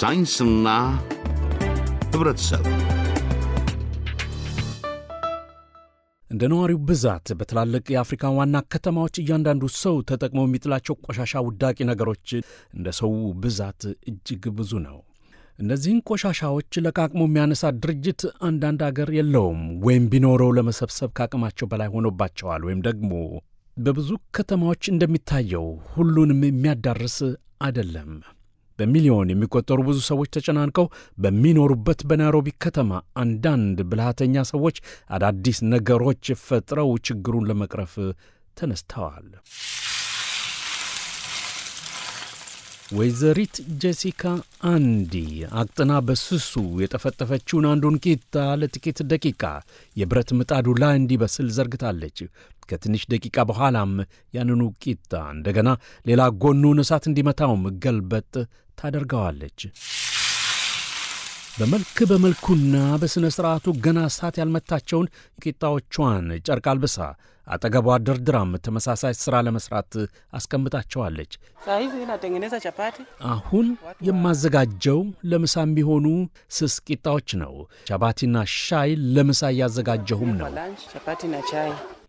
ሳይንስና ህብረተሰብ እንደ ነዋሪው ብዛት በትላልቅ የአፍሪካ ዋና ከተማዎች እያንዳንዱ ሰው ተጠቅሞ የሚጥላቸው ቆሻሻ ውዳቂ ነገሮች እንደ ሰው ብዛት እጅግ ብዙ ነው። እነዚህን ቆሻሻዎች ለቃቅሞ የሚያነሳ ድርጅት አንዳንድ አገር የለውም፣ ወይም ቢኖረው ለመሰብሰብ ከአቅማቸው በላይ ሆኖባቸዋል፣ ወይም ደግሞ በብዙ ከተማዎች እንደሚታየው ሁሉንም የሚያዳርስ አይደለም። በሚሊዮን የሚቆጠሩ ብዙ ሰዎች ተጨናንቀው በሚኖሩበት በናይሮቢ ከተማ አንዳንድ ብልሃተኛ ሰዎች አዳዲስ ነገሮች ፈጥረው ችግሩን ለመቅረፍ ተነስተዋል። ወይዘሪት ጄሲካ አንዲ አቅጥና በስሱ የጠፈጠፈችውን አንዱን ቂጣ ለጥቂት ደቂቃ የብረት ምጣዱ ላይ እንዲበስል ዘርግታለች። ከትንሽ ደቂቃ በኋላም ያንኑ ቂጣ እንደገና ሌላ ጎኑን እሳት እንዲመታውም ገልበጥ ታደርገዋለች። በመልክ በመልኩና በሥነ ሥርዓቱ ገና እሳት ያልመታቸውን ቂጣዎቿን ጨርቅ አልብሳ አጠገቧ ድርድራም ተመሳሳይ ሥራ ለመሥራት አስቀምጣቸዋለች። አሁን የማዘጋጀው ለምሳ የሚሆኑ ስስ ቂጣዎች ነው። ቻፓቲና ሻይ ለምሳ እያዘጋጀሁም ነው።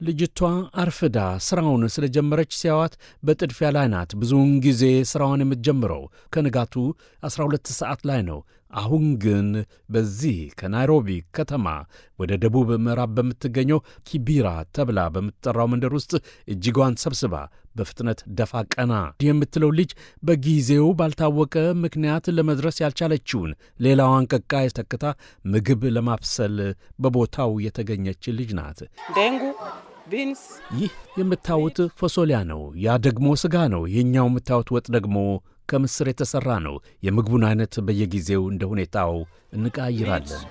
ልጅቷ አርፍዳ ሥራውን ስለጀመረች ሲያዋት በጥድፊያ ላይ ናት። ብዙውን ጊዜ ሥራዋን የምትጀምረው ከንጋቱ 12 ሰዓት ላይ ነው። አሁን ግን በዚህ ከናይሮቢ ከተማ ወደ ደቡብ ምዕራብ በምትገኘው ኪቢራ ተብላ በምትጠራው መንደር ውስጥ እጅጓን ሰብስባ በፍጥነት ደፋ ቀና የምትለው ልጅ በጊዜው ባልታወቀ ምክንያት ለመድረስ ያልቻለችውን ሌላዋን ቀቃ ተክታ ምግብ ለማብሰል በቦታው የተገኘች ልጅ ናት። ይህ የምታዩት ፎሶሊያ ነው። ያ ደግሞ ስጋ ነው። ይህኛው የምታዩት ወጥ ደግሞ ከምስር የተሠራ ነው። የምግቡን አይነት በየጊዜው እንደ ሁኔታው እንቃይራለን።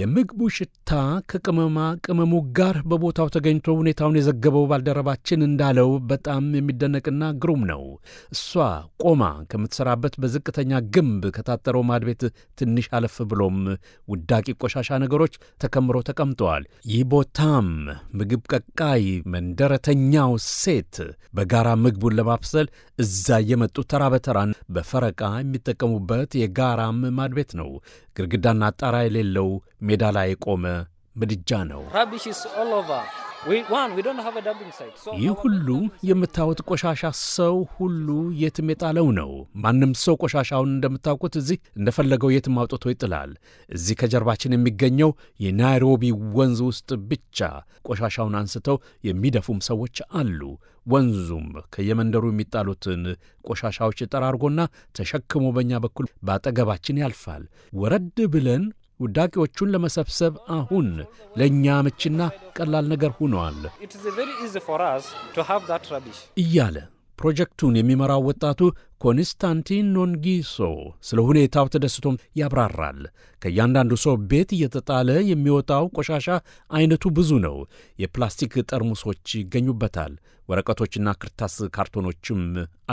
የምግቡ ሽታ ከቅመማ ቅመሙ ጋር በቦታው ተገኝቶ ሁኔታውን የዘገበው ባልደረባችን እንዳለው በጣም የሚደነቅና ግሩም ነው። እሷ ቆማ ከምትሠራበት በዝቅተኛ ግንብ ከታጠረው ማድ ቤት ትንሽ አለፍ ብሎም ውዳቂ ቆሻሻ ነገሮች ተከምሮ ተቀምጠዋል። ይህ ቦታም ምግብ ቀቃይ መንደረተኛው ሴት በጋራ ምግቡን ለማብሰል እዛ የመጡ ተራ በተራን በፈረቃ የሚጠቀሙበት የጋራም ማድ ቤት ነው። ግድግዳና ጣራ የሌለው ሜዳ ላይ የቆመ ምድጃ ነው። ይህ ሁሉ የምታዩት ቆሻሻ ሰው ሁሉ የትም የጣለው ነው። ማንም ሰው ቆሻሻውን እንደምታውቁት እዚህ እንደፈለገው የትም አውጥቶ ይጥላል። እዚህ ከጀርባችን የሚገኘው የናይሮቢ ወንዝ ውስጥ ብቻ ቆሻሻውን አንስተው የሚደፉም ሰዎች አሉ። ወንዙም ከየመንደሩ የሚጣሉትን ቆሻሻዎች ጠራርጎና ተሸክሞ በእኛ በኩል በአጠገባችን ያልፋል። ወረድ ብለን ውዳቂዎቹን ለመሰብሰብ አሁን ለእኛ ምችና ቀላል ነገር ሆኗል እያለ ፕሮጀክቱን የሚመራው ወጣቱ ኮንስታንቲን ኖንጊሶ ስለ ሁኔታው ተደስቶም ያብራራል። ከእያንዳንዱ ሰው ቤት እየተጣለ የሚወጣው ቆሻሻ አይነቱ ብዙ ነው። የፕላስቲክ ጠርሙሶች ይገኙበታል። ወረቀቶችና ክርታስ ካርቶኖችም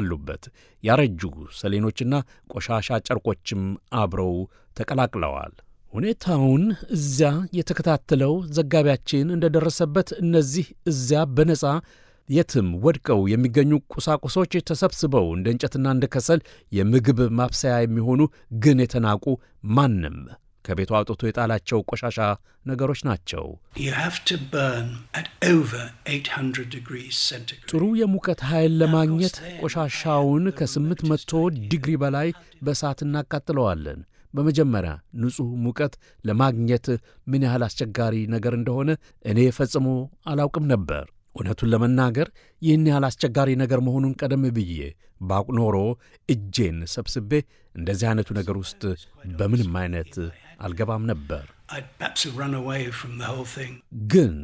አሉበት። ያረጁ ሰሌኖችና ቆሻሻ ጨርቆችም አብረው ተቀላቅለዋል። ሁኔታውን እዚያ የተከታተለው ዘጋቢያችን እንደደረሰበት እነዚህ እዚያ በነጻ የትም ወድቀው የሚገኙ ቁሳቁሶች ተሰብስበው እንደ እንጨትና እንደ ከሰል የምግብ ማብሰያ የሚሆኑ ግን የተናቁ ማንም ከቤቱ አውጥቶ የጣላቸው ቆሻሻ ነገሮች ናቸው። ጥሩ የሙቀት ኃይል ለማግኘት ቆሻሻውን ከ800 ዲግሪ በላይ በእሳት እናቃጥለዋለን። በመጀመሪያ ንጹሕ ሙቀት ለማግኘት ምን ያህል አስቸጋሪ ነገር እንደሆነ እኔ ፈጽሞ አላውቅም ነበር። እውነቱን ለመናገር ይህን ያህል አስቸጋሪ ነገር መሆኑን ቀደም ብዬ ባውቅ ኖሮ እጄን ሰብስቤ እንደዚህ አይነቱ ነገር ውስጥ በምንም አይነት አልገባም ነበር። ግን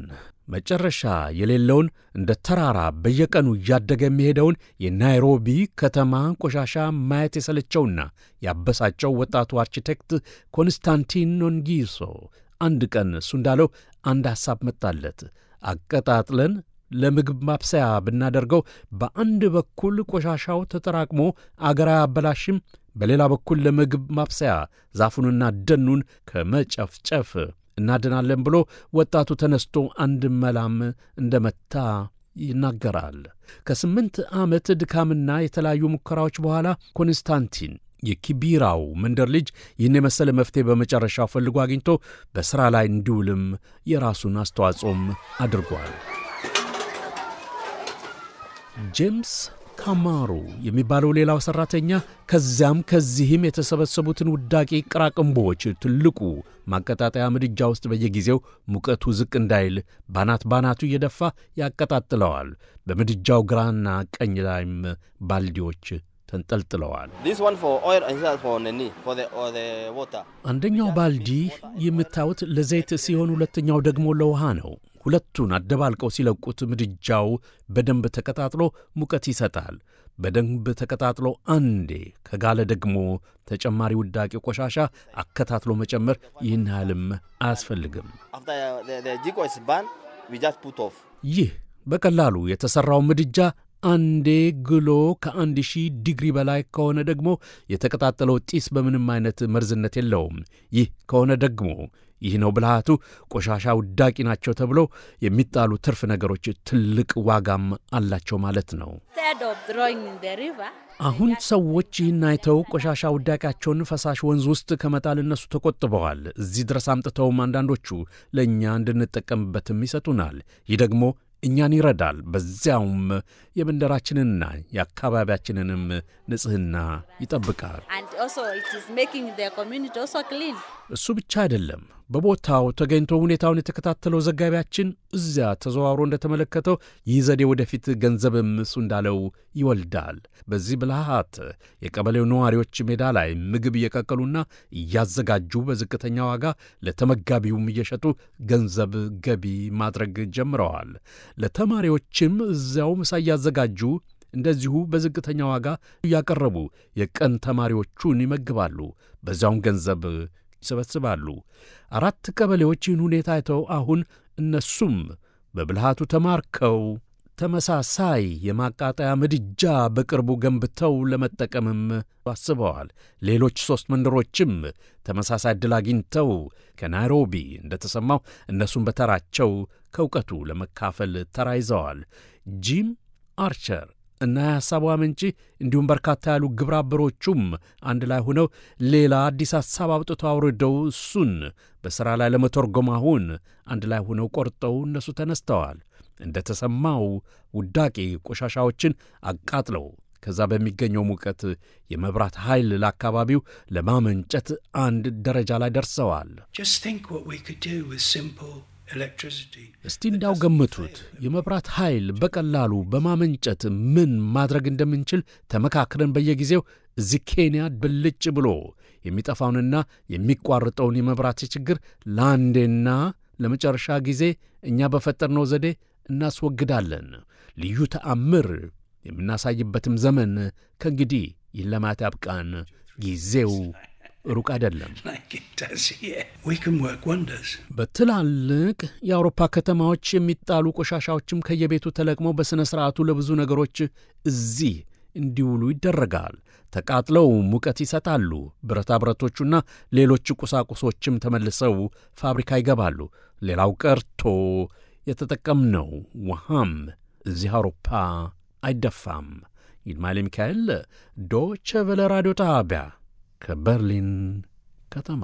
መጨረሻ የሌለውን እንደ ተራራ በየቀኑ እያደገ የሚሄደውን የናይሮቢ ከተማ ቆሻሻ ማየት የሰለቸውና ያበሳጨው ወጣቱ አርኪቴክት ኮንስታንቲን ኖንጊሶ አንድ ቀን እሱ እንዳለው አንድ ሐሳብ መጣለት። አቀጣጥለን ለምግብ ማብሰያ ብናደርገው በአንድ በኩል ቆሻሻው ተጠራቅሞ አገር አያበላሽም፣ በሌላ በኩል ለምግብ ማብሰያ ዛፉንና ደኑን ከመጨፍጨፍ እናድናለን ብሎ ወጣቱ ተነስቶ አንድ መላም እንደመታ ይናገራል። ከስምንት ዓመት ድካምና የተለያዩ ሙከራዎች በኋላ ኮንስታንቲን የኪቢራው መንደር ልጅ ይህን የመሰለ መፍትሄ በመጨረሻ ፈልጎ አግኝቶ በሥራ ላይ እንዲውልም የራሱን አስተዋጽኦም አድርጓል። ጄምስ ካማሩ የሚባለው ሌላው ሠራተኛ ከዚያም ከዚህም የተሰበሰቡትን ውዳቂ ቅራቅንቦዎች ትልቁ ማቀጣጠያ ምድጃ ውስጥ በየጊዜው ሙቀቱ ዝቅ እንዳይል ባናት ባናቱ እየደፋ ያቀጣጥለዋል። በምድጃው ግራና ቀኝ ላይም ባልዲዎች ተንጠልጥለዋል። አንደኛው ባልዲ የምታዩት ለዘይት ሲሆን፣ ሁለተኛው ደግሞ ለውሃ ነው። ሁለቱን አደባልቀው ሲለቁት ምድጃው በደንብ ተቀጣጥሎ ሙቀት ይሰጣል። በደንብ ተቀጣጥሎ አንዴ ከጋለ ደግሞ ተጨማሪ ውዳቂ ቆሻሻ አከታትሎ መጨመር ይህን ያህልም አያስፈልግም። ይህ በቀላሉ የተሠራው ምድጃ አንዴ ግሎ ከአንድ ሺህ ዲግሪ በላይ ከሆነ ደግሞ የተቀጣጠለው ጢስ በምንም አይነት መርዝነት የለውም። ይህ ከሆነ ደግሞ ይህ ነው ብልሃቱ። ቆሻሻ ውዳቂ ናቸው ተብሎ የሚጣሉ ትርፍ ነገሮች ትልቅ ዋጋም አላቸው ማለት ነው። አሁን ሰዎች ይህን አይተው ቆሻሻ ውዳቂያቸውን ፈሳሽ ወንዝ ውስጥ ከመጣል እነሱ ተቆጥበዋል። እዚህ ድረስ አምጥተውም አንዳንዶቹ ለእኛ እንድንጠቀምበትም ይሰጡናል። ይህ ደግሞ እኛን ይረዳል። በዚያውም የመንደራችንንና የአካባቢያችንንም ንጽሕና ይጠብቃል። እሱ ብቻ አይደለም። በቦታው ተገኝቶ ሁኔታውን የተከታተለው ዘጋቢያችን እዚያ ተዘዋውሮ እንደተመለከተው ይህ ዘዴ ወደፊት ገንዘብም እሱ እንዳለው ይወልዳል። በዚህ ብልሃት የቀበሌው ነዋሪዎች ሜዳ ላይ ምግብ እየቀቀሉና እያዘጋጁ በዝቅተኛ ዋጋ ለተመጋቢውም እየሸጡ ገንዘብ ገቢ ማድረግ ጀምረዋል። ለተማሪዎችም እዚያው ምሳ እያዘጋጁ እንደዚሁ በዝቅተኛ ዋጋ እያቀረቡ የቀን ተማሪዎቹን ይመግባሉ። በዚያውም ገንዘብ ይሰበስባሉ። አራት ቀበሌዎች ይህን ሁኔታ አይተው አሁን እነሱም በብልሃቱ ተማርከው ተመሳሳይ የማቃጠያ ምድጃ በቅርቡ ገንብተው ለመጠቀምም አስበዋል። ሌሎች ሦስት መንደሮችም ተመሳሳይ ዕድል አግኝተው ከናይሮቢ እንደተሰማው እነሱም በተራቸው ከእውቀቱ ለመካፈል ተራይዘዋል። ጂም አርቸር እና የሐሳቧ ምንጭ እንዲሁም በርካታ ያሉ ግብረ አበሮቹም አንድ ላይ ሆነው ሌላ አዲስ ሐሳብ አውጥተው አውርደው እሱን በሥራ ላይ ለመተርጎም አሁን አንድ ላይ ሆነው ቆርጠው እነሱ ተነስተዋል። እንደ ተሰማው ውዳቂ ቆሻሻዎችን አቃጥለው ከዛ በሚገኘው ሙቀት የመብራት ኃይል ለአካባቢው ለማመንጨት አንድ ደረጃ ላይ ደርሰዋል። እስቲ እንዳው ገምቱት። የመብራት ኃይል በቀላሉ በማመንጨት ምን ማድረግ እንደምንችል ተመካክረን በየጊዜው እዚህ ኬንያ ብልጭ ብሎ የሚጠፋውንና የሚቋርጠውን የመብራት ችግር ለአንዴና ለመጨረሻ ጊዜ እኛ በፈጠርነው ዘዴ እናስወግዳለን። ልዩ ተአምር የምናሳይበትም ዘመን ከእንግዲህ ይለማት ያብቃን። ጊዜው ሩቅ አይደለም። በትላልቅ የአውሮፓ ከተማዎች የሚጣሉ ቆሻሻዎችም ከየቤቱ ተለቅመው በሥነ ሥርዓቱ ለብዙ ነገሮች እዚህ እንዲውሉ ይደረጋል። ተቃጥለው ሙቀት ይሰጣሉ። ብረታ ብረቶቹና ሌሎች ቁሳቁሶችም ተመልሰው ፋብሪካ ይገባሉ። ሌላው ቀርቶ የተጠቀምነው ውሃም እዚህ አውሮፓ አይደፋም። ይልማሌ ሚካኤል ዶቸ ቨለ ራዲዮ ጣቢያ ከበርሊን ከተማ